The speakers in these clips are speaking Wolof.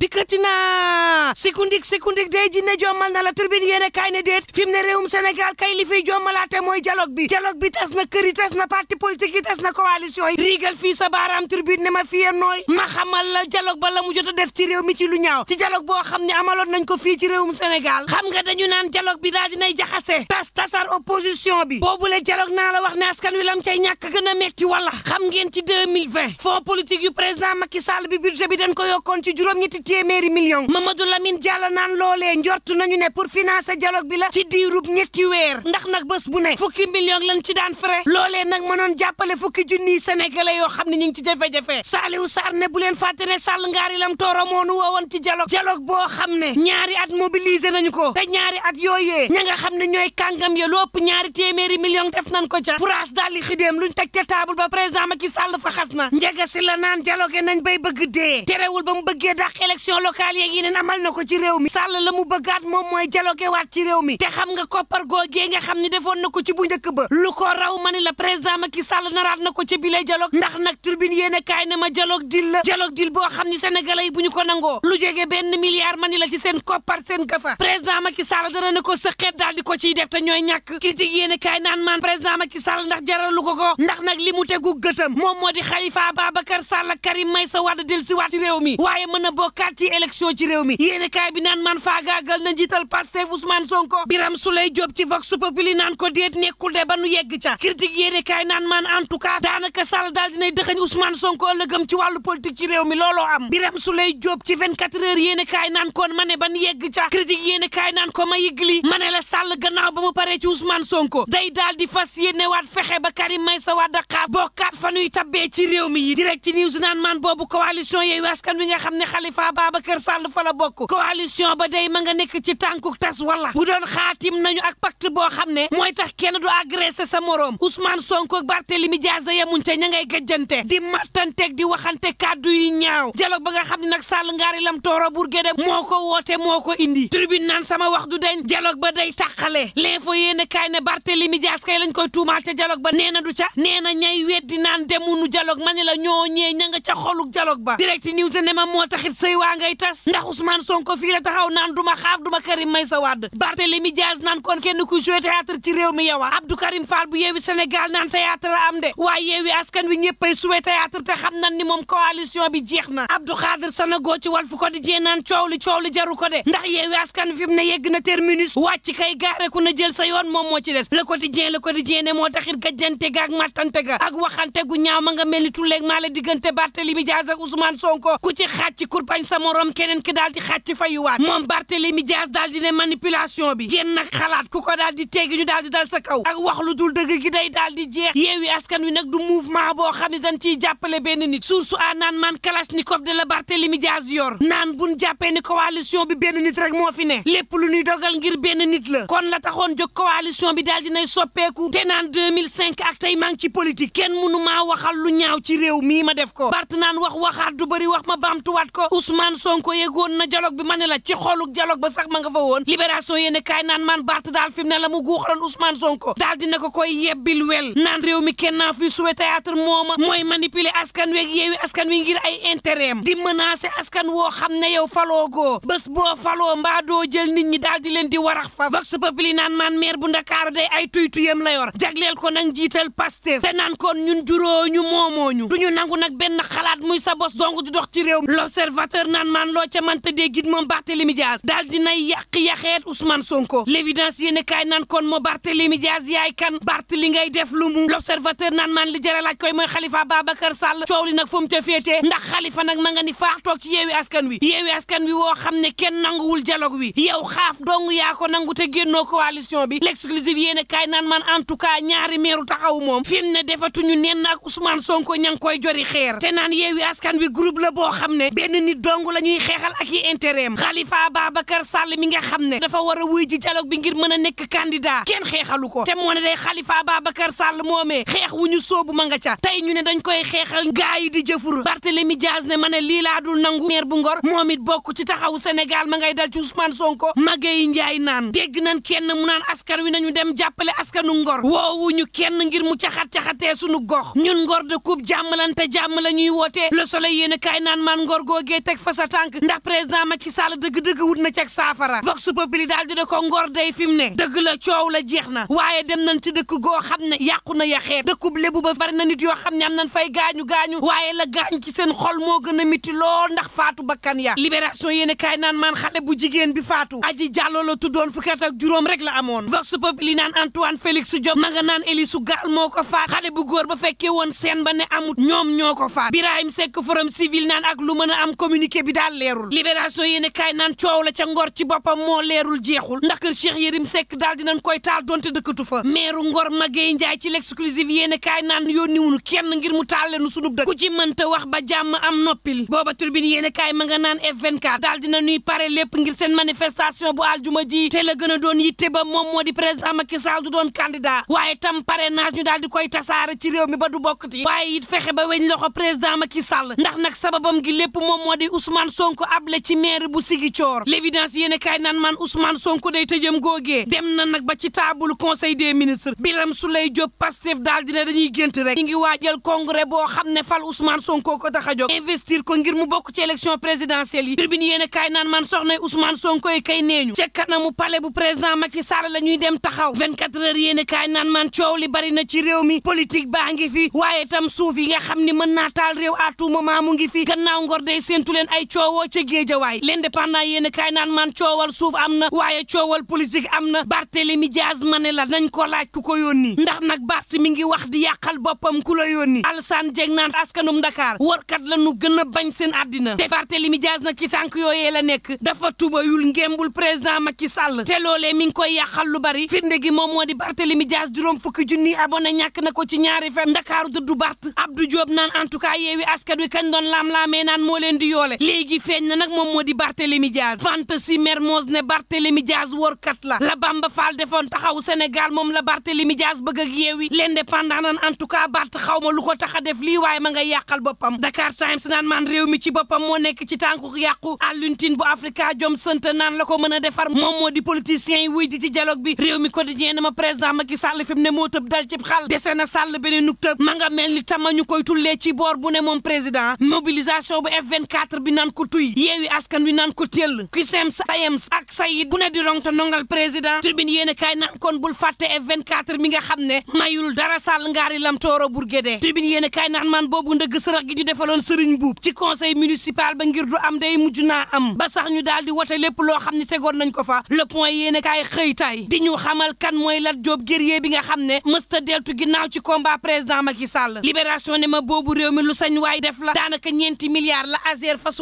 dikkati naa sikundik sikundik day jinne jommal na la turbine yéene ne déet fi ne réewum Sénégal kay li fiy mooy dialogue bi dialogue bi tas na kër yi tas na parti politique yi tas na coalition yi riigal fii sa baaraam turbine ne ma fiye nooy ma xamal la dialogue ba la mu jot a def ci réew mi ci lu ñaaw ci dialogue boo xam ne amaloon nañ ko fii ci réewum Sénégal xam nga dañu naan dialogue bi daal dinay jaxase tas tasar opposition bi boobule dialogue naa a metti wala xam ngeen ci téeméeri million Mamadou Lamine Diallo naan loolee njort nañu ne pour financer dialogue bi ci diirub ñetti weer ndax nag bés bu ne fukki million lañ ci daan frais loolee nag mënoon jàppale fukki junniy sénégalais yoo xam ne ñu ngi ci jafe-jafe Saliou Sarr ne bu leen fàtte ne Sall ngaari lam tooro moonu woowoon ci dialogue dialogue boo xam ne ñaari at mobiliser nañu ko te ñaari at yooyee ña nga xam ne ñooy kàngam ya lu ëpp ñaari téeméeri million def nañ ko ca France daal di xidéem luñ na la naan dialogue nañ bay ba élection locale yeeg yeneen amal ko ci réew mi Sall la mu bëggaat moom mooy dialogue waat ci réew mi te xam nga koppar googee nga xam ne defoon na ko ci bu njëkk ba lu ko raw ma ni la président Macky Sall naraat na ko ci bile dialogue ndax nag turbine yéen kaay ne ma dialogue dil la dialogue dil boo xam ni sénégalais yi bu ñu ko nangoo lu jege benn milliard ma ni la ci seen koppar seen gafa président Macky Sall dana ne ko sëqeet daal di ko ciy def te ñooy ñàkk critique yéen kaay naan maan président Macky Sall ndax jaralu ko ko ndax nag mu tegu gëtam moom moo di Khalifa Ababacar Sall Karim Meïssa Wade dellusiwaat ci réew mi waaye mën a bokk duggaat ci élection ci réew mi yéene kaay bi naan man faagaagal na njiital Pastef Ousmane Sonko Biram Souleye Diop ci Vox Populi naan ko déet nekkul de ba yegg ca critique yéene kaay naan man en tout cas daanaka Sall daal dinay dëxañ Ousmane Sonko ëllëgam ci wàllu politique ci réew mi looloo am Biram Souleye Diop ci 24 heures yéene kaay naan ma ne ban yegg ca critique yéene naan ko ma yëgli ma ne la Sall gannaaw ba mu paree ci Ousmane Sonko day daal di fas yéene waat fexe ba Karim Meïssa Wade xaar bokkaat fa nuy tabbee ci réew mi yi man boobu coalition Yewwi Askan Wi nga xam ne Ababacar Sall fa la bokk coalition ba day ma nga nekk ci tànkuk tas wala bu doon xaatim nañu ak pacte boo xam ne mooy tax kenn du agressé sa moroom Ousmane Sonko ak Barthélemy Dias yamuñ te ña ngay gëjjante di mattanteeg di waxante kàddu yi ñaaw dialogue ba nga xam ne nag Sall ngaari lam tooro moo ko woote moo ko indi tribune naan sama wax du deñ dialogue ba day tàqale l'info yéen a kaay ne Barthélemy Dias kay lañ koy tuumaal ca dialogue ba nee na du ca nee na ñay weddi naan demunu ma la ñoo ñee ña nga ca xoluk dialogue waa ngay tas ndax Ousmane Sonko fii la taxaw naan du ma xaaf du ma Karim Meïssa Wade Barthélémy Diaz naan kon kenn kuy joué théâtre ci réew mi yow ah. Abdou Karim Fall bu yeewi Sénégal naan théâtre am de waaye yeewi askan wi ñëppay joué théâtre te xam nan ni moom coalition bi jeex na Abdou Khadir Sanogo ci Walf Quotidien naan coow li coow li jaru ko de ndax yeewi askan wi fi mu ne yegg na terminus wàcc kay gaare ku na jël sa moom moo ci des Le Quotidien sa morom keneen ki daal di xàcc fayuwaat moom Barthélémy Dias daal di ne manipulation bi génn nag xalaat ku ko daal di teggi ñu daal di dal sa kaw ak wax lu dul dëgg gi day daal di jeex yeewi askan wi nag du mouvement boo xam ne dañ ciy jàppale benn nit source a naan man ni kalashnikov de la Barthélémy Dias yor naan buñ jàppee ni coalition bi benn nit rek moo fi ne lépp lu ñuy dogal ngir benn nit la kon la taxoon jóg coalition bi daal di nay soppeeku te naan 2005 ak tey ngi ci politique kenn mënu maa waxal lu ñaaw ci réew mii ma def ko Bart naan wax waxaat du bëri wax ma baamtuwaat ko Ousmane Sonko yëgoon na dialogue bi ma ne la ci xooluk dialogue ba sax ma nga fa woon libération yéen naan man Barth daal fi mu ne la mu guuxaloon Ousmane Sonko daal dina ko koy yebbil wel naan réew mi kenn naa fi suwe théâtre mooma mooy manipuler askan weeg yeewi askan wi ngir ay intérêt mën di menacer askan woo xam ne yow go bës boo faloo mbaa doo jël nit ñi daal di leen di warax fa vox populi naan man maire bu Ndakaaru day ay tuytuyam la yor jagleel ko nag jiital Pastef te naan kon ñun juróoñu moomooñu ñu nangu nag benn xalaat muy sa bos dong di dox ci réew l'observateur procureur naan maan loo ca manta déggit moom Barthélémy Dias daal dinay yaxeet Ousmane Sonko l'évidence yéen kaay kon moo Barthélémy yaay kan Bart li ngay def lu mu l'observateur naan maan li jara laaj koy mooy Khalifa Babacar Sall coow li nag fu mu ca féetee ndax Khalifa nag ma nga ni faax toog ci yeewi askan wi yeewi askan wi woo xam ne kenn nanguwul dialogue wi yow xaaf dong yaa ko nangu te génnoo coalition bi l'exclusive yéen kaay naan maan en tout cas ñaari meeru taxaw moom fi ne defatuñu nenn ak Ousmane Sonko ña ngi koy jori xeer te naan yeewi askan wi groupe la boo xam ne benn dong la ñuy xeexal ak yi intérêt am Khalifa Babacar Sall mi nga xam ne dafa war a wuy ji dialogue bi ngir mën a nekk candidat kenn xeexalu ko te moo ne day Khalifa Babacar Sall moomee xeex ñu soobu ma nga ca tey ñu ne dañ koy xeexal gaa yi di jëfur Barthélémy Dias ne ma ne lii laa dul nangu maire bu Ngor moom it bokk ci taxawu Sénégal ma ngay dal ci Ousmane Sonko Magueye Ndiaye naan dégg nañ kenn mu naan askan wi nañu dem jàppale askanu Ngor ñu kenn ngir mu caxat-caxatee sunu gox ñun Ngor de coupe jàmmalante jàmm la ñuy wootee Le Soleil yéen kaay naan maan Ngor googee teg fa sa tànk ndax président Macky Sall dëgg-dëgg wut na ceg saafara vox populi daal di da ko ngor day fi mu ne dëgg la coow la jeex na waaye dem nañ ci dëkk goo xam ne yàqu na yaxeet dëkkub lébu ba bari na nit yoo xam ne am nañ fay gaañu-gaañu waaye la gaañ ci seen xol moo gën a miti lool ndax faatu bakkan ya libération yéen kaay naan maan xale bu jigéen bi faatu aji jàlloo la tuddoon fukki at ak juróom rek la amoon vox populi naan Antoine Félix Diop ma nga naan Elisu Gaal moo ko faat xale bu góor fekkee woon seen ba ne ñoom ñoo ko faat lu mën a am communiqué communiqué bi daal leerul libération yéen kaay naan coow la ca ngor ci boppam moo leerul jeexul ndax kër Cheikh Yérim sekk daal dinañ koy taal donte dëkkatu fa meeru ngor Maguette Ndiaye ci l'exclusive yéen kaay naan yónni wuñu kenn ngir mu taal leenu sunub dëkk ku ci mënta wax ba jàmm am noppil booba turbine yéen kaay ma nga naan F24 daal dina nuy pare lépp ngir seen manifestation bu aljuma ji te la gën a doon yitte ba moom moo di président Macky Sall du doon candidat waaye tam parrainage ñu daal di koy tasaare ci réew mi ba du bokkati waaye it fexe ba weñ loxo président Macky Sall ndax nag Ousmane Sonko able ci maire bu Ziguinchor l'évidence yéen kaay naan man Ousmane Sonko day tëjëm googee dem na nag ba ci table conseil des ministres Birame Souleye Diop Pastef daal dina dañuy gént rek ngi waajal congrès boo xam ne fal Ousmane Sonko ko tax a jóg investir ko ngir mu bokk ci élection présidentielle yi tribune yéen kaay naan man soxna Ousmane Sonko e kay neeñu ca kanamu palais bu président Macky Sall la ñuy dem taxaw 24 heures yéen kaay naan man coow li bari na ci réew mi politique baa ngi fi waaye tam suuf yi nga xam ni mën naa à tout moment mu ngi fi gannaaw ngor day séentu leen ay coowoo ca géejawaay l'indépendant yéen kaay naan man coowal suuf am na waaye coowal politique am na Barthélemy Diaz ma ne la nañ ko laaj ku ko ni ndax nag Bart mi ngi wax di yàqal boppam ku la yónni Alassane Dieng naan askanum Dakar warkat la nu gën a bañ seen àddina te Barthélemy Diaz nag ci sànk yooyee la nekk dafa tubayul ngembul président Macky Sall te loolee mi ngi koy yàqal lu bari firnde gi moom moo di Barthélemy Diaz juróom fukki junni abonné ñàkk na ko ci ñaari fan Ndakaaru dëddu Bart du Diop naan en tout cas yeewi askan wi kañ doon laam-laamee naan moo leen di yoole léegi feeñ na nag moom moo di Barthélémy Diaz fanta si Mermoz ne Barthélémy Diaz kat la la Bamba Fall defoon taxaw Sénégal moom la Barthélémy Diaz bëgg ak yeewi l'indépendant nan en tout cas Bart xaw ma lu ko tax a def waaye ma nga yàqal boppam Dakar Times naan man réew mi ci boppam moo nekk ci tànku yàqu àlluntin bu Afrika jom sant naan la ko mën a defar moom moo di politiciens yi wuy di ci dialogue bi réew mi quotidien dama président Macky Sall fi mu ne moo tëb dal cib xal dese na Sall beneen nuk tëb ma ñu koy tullee ci boor bu ne moom président mobilisation bu F24 bi naan ko tuy yeewi askan wi naan ko téll kusems sayems ak sayid ku ne di rong te nongal président tribune yéene kaay naan kon bul fàtte F24 mi nga xam ne mayul dara sàll ngaari lam tooro burgédee tribune yéene kaay naan man boobu ndëgg sërëx gi ñu defaloon sëriñ buub ci conseil municipal ba ngir du am day mujj naa am ba sax ñu daal di wote lépp loo xam ne tegoon nañ ko fa le point yéen kaay xëy tay di ñu xamal kan mooy Lat Diop gër bi nga xam ne mësta deltu ginnaaw ci combat président Macky Sall libération ne ma boobu réew mi lu sañ def la daanaka ñeenti milliards la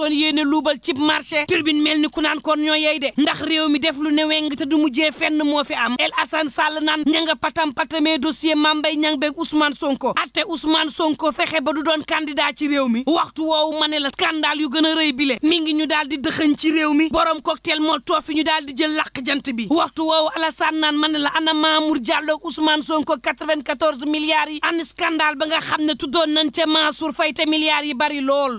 fasoon yéene luubal cib marché turbine mel ni ku naan kon ñoo yey de ndax réew mi def lu ne weng te du mujjee fenn moo fi am El Hassan Sall naan ña nga patam patamee dossier Mame Mbaye Niang beeg Ousmane Sonko atte Ousmane Sonko fexe ba du doon candidat ci réew mi waxtu woowu ma ne la scandale yu gën a rëy bile mi ngi ñu daal di dëxëñ ci réew mi borom cocktail moo toofi ñu daal di jël làq jant bi waxtu woowu Alassane naan ma ne la ana Mamour Diallo Ousmane Sonko 94 milliards yi an scandale ba nga xam ne tuddoon nañ ca Mansour Faye te milliards yi bari lool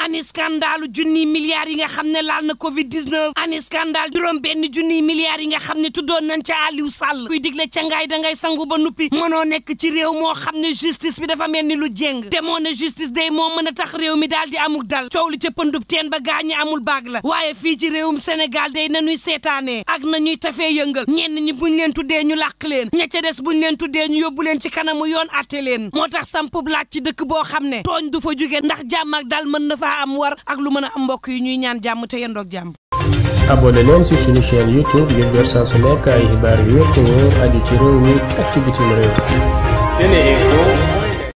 junniy yi nga xam ne laal na covid 19 ani scandale juróom benn junniy milliards yi nga xam ne tuddoon nañ ca Aliou Sall kuy digle ca ngaay da ngay sangu ba nuppi mënoo ek ci réew moo xam ne justice bi dafa mel ni lu jéng te moo ne justice day moo mën a tax réew mi daal di amul dal coow li ca pëndub teen ba gaañ amul baag la waaye fii ci réewum Sénégal day na nañuy seetaane ak na nañuy tafee yëngal ñenn ñi buñ leen tuddee ñu làq leen ña ca des buñ leen tuddee ñu yóbbu leen ci kanamu yoon atte leen moo tax sampub laaj ci dëkk boo xam ne tooñ du fa ndax jàmm ak mën na faa am war ak lu mën am mbokk yi ñuy ñaan jàmm te yendoog jàmm. abonné leen ci suñu chaîne youtube ngir jot saa su nekk ay xibaar yu wér te wóor ci réew mi ak ci bitim réew.